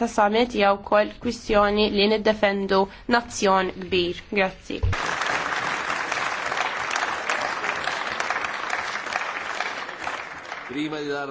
ta' samet jew kol kwistjoni li niddefendu nazzjon kbir. Grazzi. Prima di dar